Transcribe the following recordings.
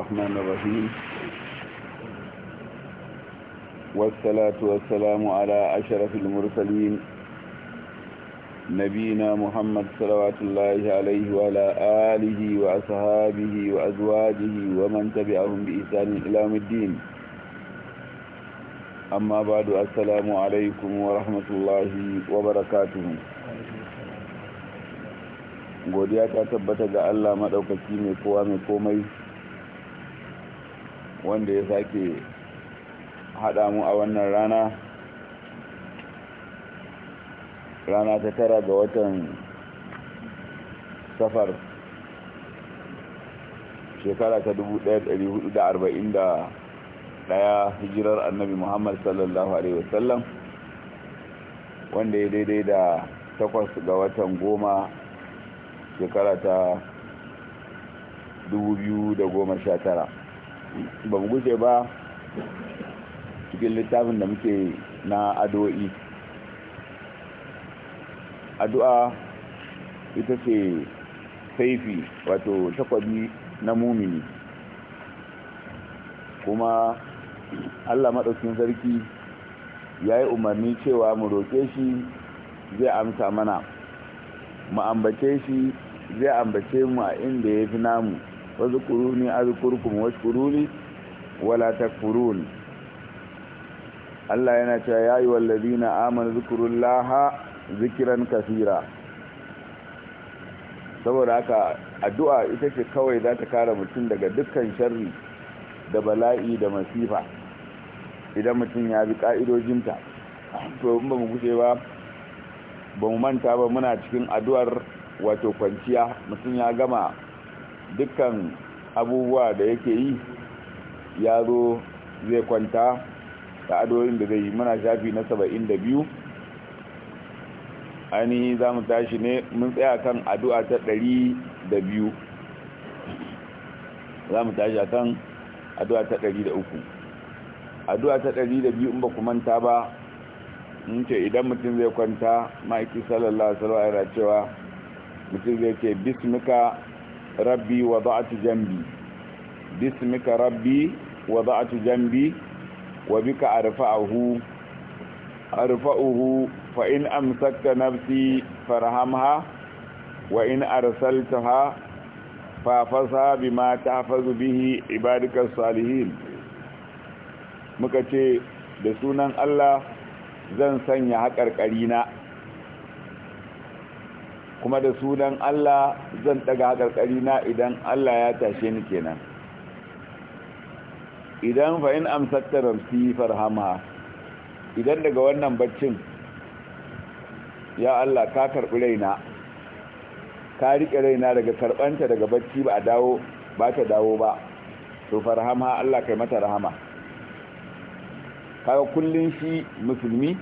الرحمن الرحيم والصلاة والسلام على أشرف المرسلين نبينا محمد صلوات الله عليه وعلى آله وأصحابه وأزواجه ومن تبعهم بإحسان إلى يوم الدين أما بعد السلام عليكم ورحمة الله وبركاته godiya ta tabbata ga Allah maɗaukaki mai kowa mai komai wanda ya sake hada mu a wannan rana rana ta tara ga watan safar shekara ta 1441 hijirar annabi muhammad sallallahu alaihi wasallam wanda ya daidai da takwas ga watan goma shekara ta 2019 ba mu guje ba cikin littafin da muke na addu'o'i addu'a ita ce saifi wato takwabi na mumini kuma allah maɗaukin sarki ya yi umarni cewa mu roƙe shi zai amsa mana mu ambace shi zai ambace mu a inda ya fi namu fazkuruni azkurkum washkuruli wala takfurun Allah yana cewa ya ayyuhal ladina amanu zkurullaha zikiran kaseera saboda haka addu'a ita ce kawai za ta kare mutum daga dukkan sharri da bala'i da masifa idan mutum ya bi ka'idojinta to in ba mu ba ba mu manta ba muna cikin addu'ar wato kwanciya mutum ya gama dukkan abubuwa da yake yi ya zo zai kwanta da adoyin da zai yi muna shafi na saba'in da biyu ainihi za mu tashi ne mun tsaya kan addu'a ta ɗari da biyu za mu tashi a kan addu'a ta ɗari da uku addu'a ta ɗari da biyu in ba ku manta ba in ce idan mutum zai kwanta ma'aiki sallallahu alaihi cewa mutum zai ce bismika rabbi wada'tu jambi bismika rabbi wada'tu jambi wa bika arfa'uhu arfa'uhu fa in amsakta nafsi farhamha wa in arsaltaha fafasa bima tahfazu bihi ibadikas salihin muka ce da sunan Allah zan sanya haƙarƙari na kuma da sunan Allah zan daga karkari na idan Allah ya tashe ni kenan idan fa in amsatta ramsi farhama idan daga wannan baccin ya Allah ka karbi raina ka rike raina daga karbanta daga bacci ba a dawo ba ta dawo ba to farhama Allah kai mata rahama kaga kullun shi musulmi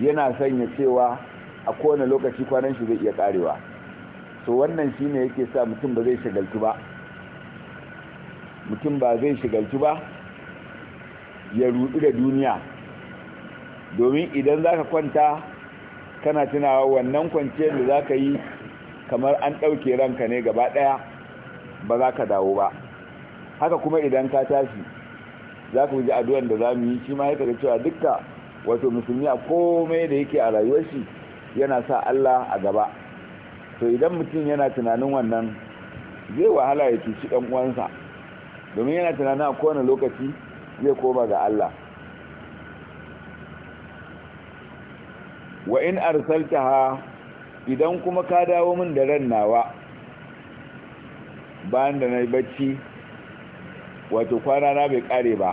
yana sanya cewa a kowane lokaci kwanan shi zai iya karewa so wannan shine yake sa mutum ba zai shigaltu ba mutum ba zai shigaltu ba ya rudu da duniya domin idan zaka kwanta kana tunawa wannan kwanciyar da zaka yi kamar an ɗauke ranka ne gaba ɗaya ba za ka dawo ba haka kuma idan ka tashi za ku ji addu'an da za mu yi shi ma ya kaga cewa dukka wato musulmi a komai da yake a rayuwar shi yana sa Allah a gaba to idan mutum yana tunanin wannan zai wahala ya cuci ɗan uwansa domin yana tunanin a kowane lokaci zai koma ga Allah wa in ha idan kuma ka dawo min da ran nawa bayan da na yi bacci wato kwana na bai kare ba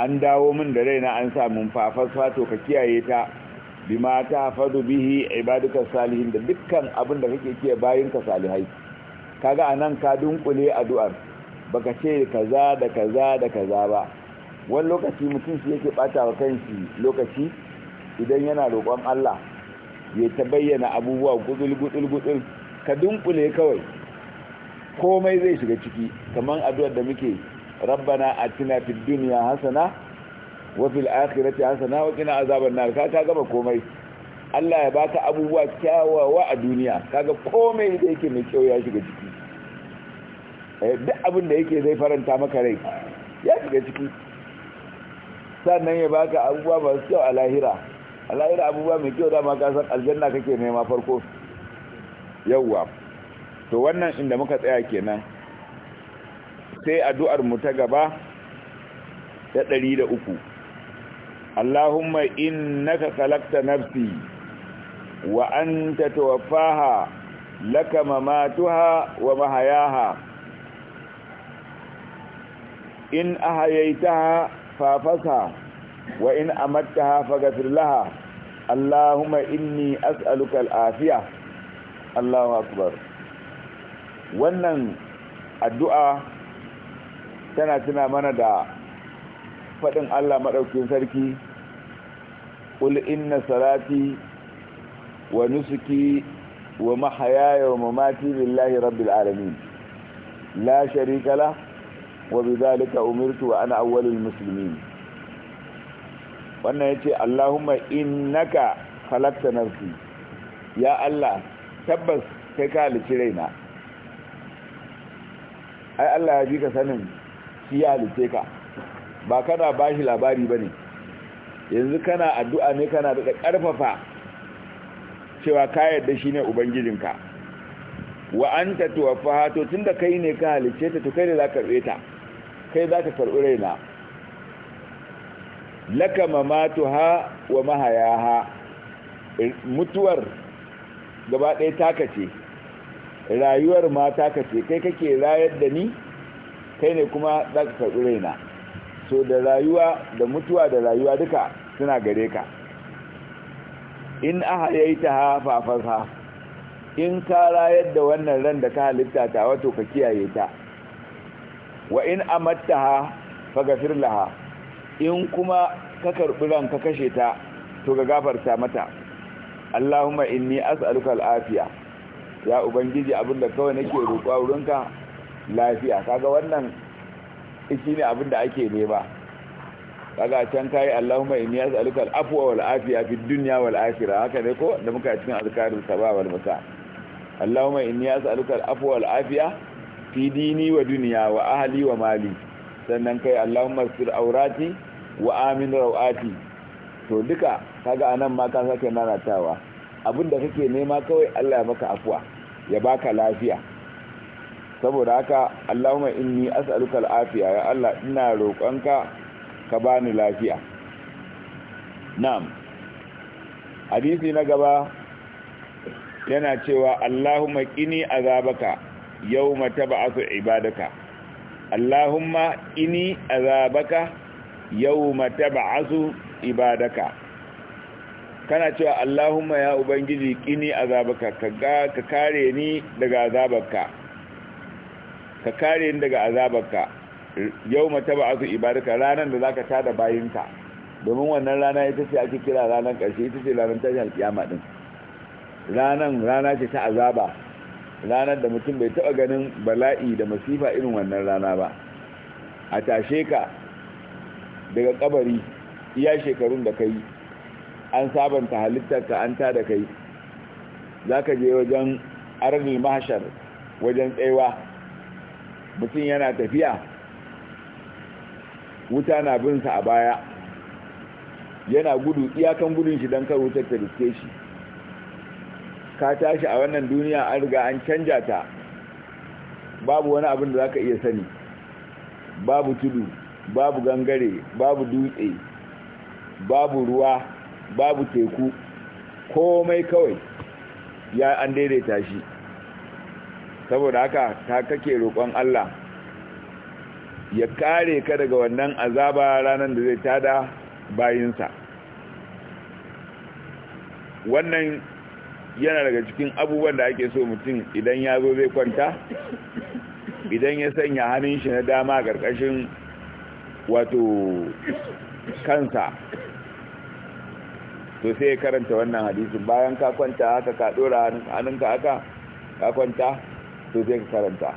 an dawo min da raina an sa mun fafas fato ka kiyaye ta bima ta fadu bihi ibadukan salihin da dukkan abin da kake kiyaye ka salihai kaga anan ka dunkule addu'ar baka ce kaza da kaza da kaza ba wani lokaci mutum shi yake bata wa kanshi lokaci idan yana roƙon Allah ya ta bayyana abubuwa gudul-gudul-gudul ka dunkule kawai komai zai shiga ciki kaman addu'ar da muke rabbana atina fid dunya hasana wa fil akhirati hasana wa qina azaban nar ka ka gama komai Allah ya baka abubuwa kyawawa a duniya kaga komai da yake mai kyau ya shiga ciki eh, duk abin da yake zai faranta maka rai ya shiga ciki sannan ya baka abubuwa masu kyau a lahira a lahira abubuwa mai kyau dama ka san aljanna kake nema farko yawwa to wannan inda muka tsaya kenan sai addu'ar mu ta gaba ta ɗari da uku Allahumma innaka khalaqta nafsi wa anta tuwaffaha laka mamatuha wa mahayaha in ahayaytaha fafasha wa in amattaha faghfir laha Allahumma inni as'aluka al-afiya Allahu akbar wannan addu'a tana tuna mana da faɗin Allah maɗaukin sarki قل إن صلاتي ونسكي ومحياي ومماتي لله رب العالمين لا شريك له وبذلك أمرت وأنا أول المسلمين wannan ya ce allahumma innaka halakta nafsi ya allah tabbas kai ka halici raina ai allah ya ji ka sanin shi ka ba kana ba labari ba ne yanzu kana addu'a ne kana da karfafa cewa ka yarda shi ne ubangijinka wa an ta tuwafa to tun kai ne ka halice ta to kai ne za ka ta kai za ka raina laka ha wa mahayaha mutuwar gaba ɗaya taka ce rayuwar ma taka ce kai kake rayar da ni kai ne kuma za ka raina so da rayuwa da mutuwa da rayuwa duka suna gare ka in ahayaita ha in ka rayar da wannan ran da ka halitta ta wato ka kiyaye ta wa in amatta ha fagafir laha in kuma ka karɓi ran ka kashe ta to ga gafarta mata Allahumma inni as'aluka al'afiya ya ubangiji abinda kawai nake roƙa wurinka lafiya kaga wannan shi ne abin da ake nema kaga can kayi Allahumma inni as'aluka al-afwa wal afiya fid dunya wal akhirah haka ne ko da muka cikin azkarul sabah wal masa Allahumma inni as'aluka al-afwa wal afiya fi dini wa dunya wa ahli wa mali sannan kai Allahumma sir aurati wa amin rawati to duka kaga anan ma ka sake nanatawa abinda kake nema kawai Allah ya maka afwa ya baka lafiya saboda haka Allahumma inni as'aluka al'afiya ya Allah ina roƙonka ka bani lafiya na'am hadisi na gaba yana cewa Allahumma qini azabaka yawma tab'athu ibadaka Allahumma qini azabaka yawma tab'athu ibadaka kana cewa Allahumma ya ubangiji qini azabaka ka ka kare ni daga azabarka ka kare ni daga azabarka yau mata ba azu ibarka ranar da zaka tada bayinka domin wannan rana ita ce ake kira ranar ƙarshe ita ce ranar tashin alkiyama din ranan rana ce ta azaba ranar da mutum bai taba ganin bala'i da masifa irin wannan rana ba a tashe ka daga kabari iya shekarun da kai an sabanta halittarka an tada kai zaka je wajen aradul mahshar wajen tsaiwa mutum yana tafiya wuta na binsa a baya yana gudu iyakan gudun shi don kar wutar ta riske shi ka tashi a wannan duniya an riga an canja ta babu wani abin da za ka iya sani babu tudu babu gangare babu dutse babu ruwa babu teku komai kawai ya an daidaita shi saboda haka ta kake roƙon Allah ya kare ka daga wannan azaba ranar da zai tada bayinsa wannan yana daga cikin abubuwan da ake so mutum idan ya zo zai kwanta idan ya sanya hannun shi na dama a ƙarƙashin wato kansa to sai ya karanta wannan hadisin bayan ka kwanta haka ka ɗora hannunka haka ka kwanta sai ka karanta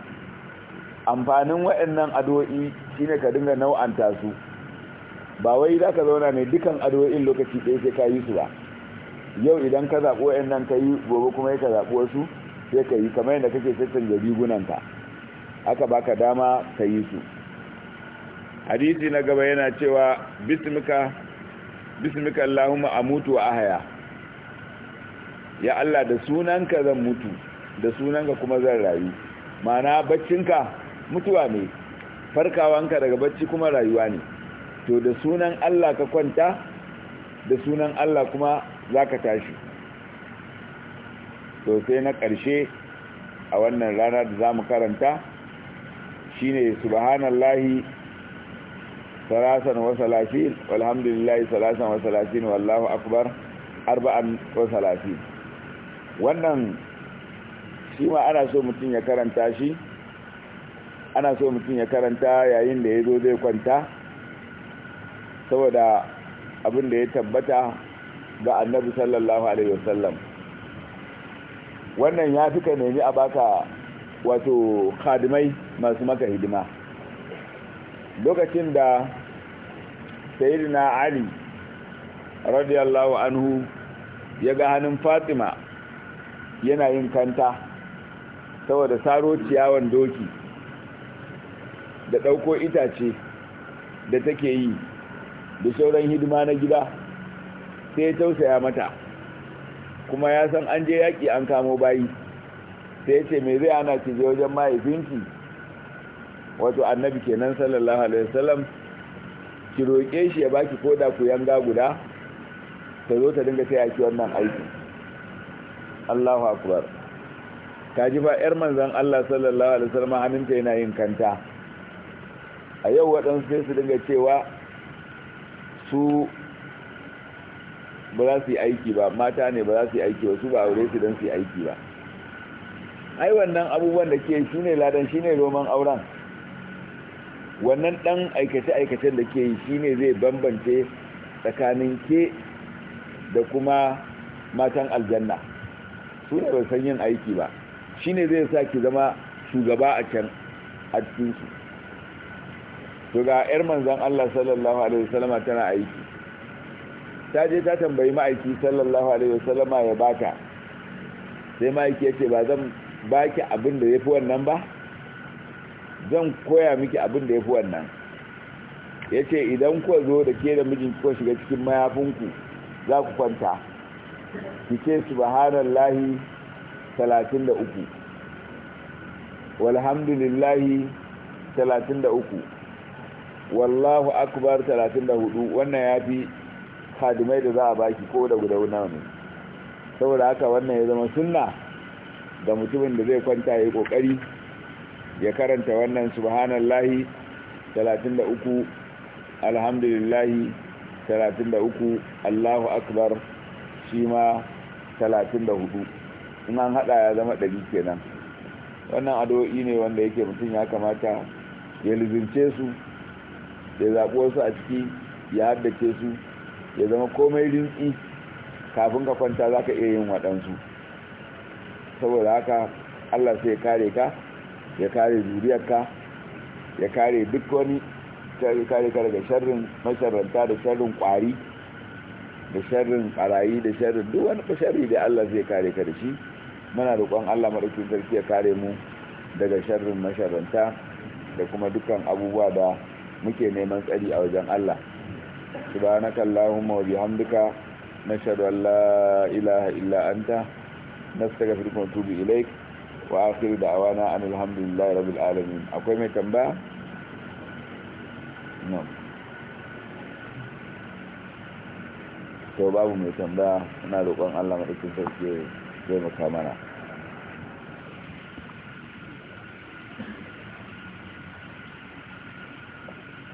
amfanin waɗannan addu'o'i shine ka dinga nau'anta su ba wai za ka zauna ne dukan addu'o'in lokaci ɗaya sai ka yi su ba yau idan ka zaɓi waɗannan ka yi gobe kuma ya ka zaɓi wasu sai ka yi kamar yadda kake sassanja rigunanka aka baka dama ka yi su hadisi na gaba yana cewa bismika bismika allahumma amutu wa ahaya ya Allah da sunanka zan mutu da sunanka kuma zan rayu mana baccinka mutuwa ne farkawanka daga bacci kuma rayuwa ne to da sunan Allah ka kwanta da sunan Allah kuma zaka tashi to sai na ƙarshe a wannan rana da zamu karanta shine subhanallahi salasan wa salasin walhamdulillahi salasan wa wallahu akbar arba'an wannan shi ma ana so mutum ya karanta shi ana so mutum ya karanta yayin da ya zo zai kwanta saboda abin da ya tabbata ga annabi sallallahu alaihi wasallam wannan ya fi ka nemi a baka wato khadimai masu maka hidima lokacin da sayyidina ali radiyallahu anhu ya ga hannun fatima yana yin kanta saboda saro ciyawan doki da ɗauko itace da take yi da sauran hidima na gida sai ya tausaya mata kuma ya san an je yaƙi an kamo bayi sai ya ce mai zai ana ki je wajen mahaifinki wato annabi kenan sallallahu alaihi wasallam ki roƙe shi ya baki koda ku yanga guda ta zo ta dinga taya ki wannan aiki Allahu akbar ji ba yar manzan Allah sallallahu alaihi wasallam hannunta yana yin kanta a yau waɗansu sai su dinga cewa su ba za su yi aiki ba mata ne ba za su yi aiki ba su ba aure su don su yi aiki ba ai wannan abubuwan da ke shi ne ladan shi ne roman auren wannan ɗan aikace-aikacen da ke yi shi ne zai bambance tsakanin ke da kuma matan aljanna su ne ba san yin aiki ba shine zai sa ki zama shugaba a can a cikin su to ga yar manzon Allah sallallahu alaihi wasallama tana aiki ta je ta tambayi ma'aiki sallallahu alaihi wasallama ya baka. sai ma'aiki ya ce ba zan baki abin da yafi wannan ba zan koya miki abin da yafi wannan yace idan ku zo da ke da mijinki ko shiga cikin mayafinku za ku kwanta ki ce subhanallahi 33 walhamdulillahi 33 wallahu akbar 34 wannan ya fi hadimai da za a baki ko da guda nawa ne saboda haka wannan ya zama sunna da mutumin da zai kwanta ya yi kokari ya karanta wannan subhanallahi 33 alhamdulillahi 33 allahu akbar shi ma 34 in an hada ya zama ɗari kenan wannan addu'o'i ne wanda yake mutum ya kamata ya lizince su ya zaɓi wasu a ciki ya haddace su ya zama komai rintsi kafin ka kwanta za ka iya yin waɗansu saboda haka allah sai ya kare ka ya kare zuriyarka ya kare duk wani ya kare ka daga sharrin masharanta da sharrin kwari da sharrin ɓarayi da sharrin duk wani ɓasharri da allah zai kare ka da shi muna roƙon Allah madaukakin sarki ya kare mu daga sharrin masharanta da kuma dukkan abubuwa da muke neman tsari a wajen Allah subhanaka allahumma wa bihamdika nashhadu an la ilaha illa anta nastaghfiruka wa natubu ilaik wa akhiru da'wana alhamdulillahi rabbil alamin akwai mai tambaya no to babu mai tambaya ina roƙon Allah madaukakin sarki zai maka mana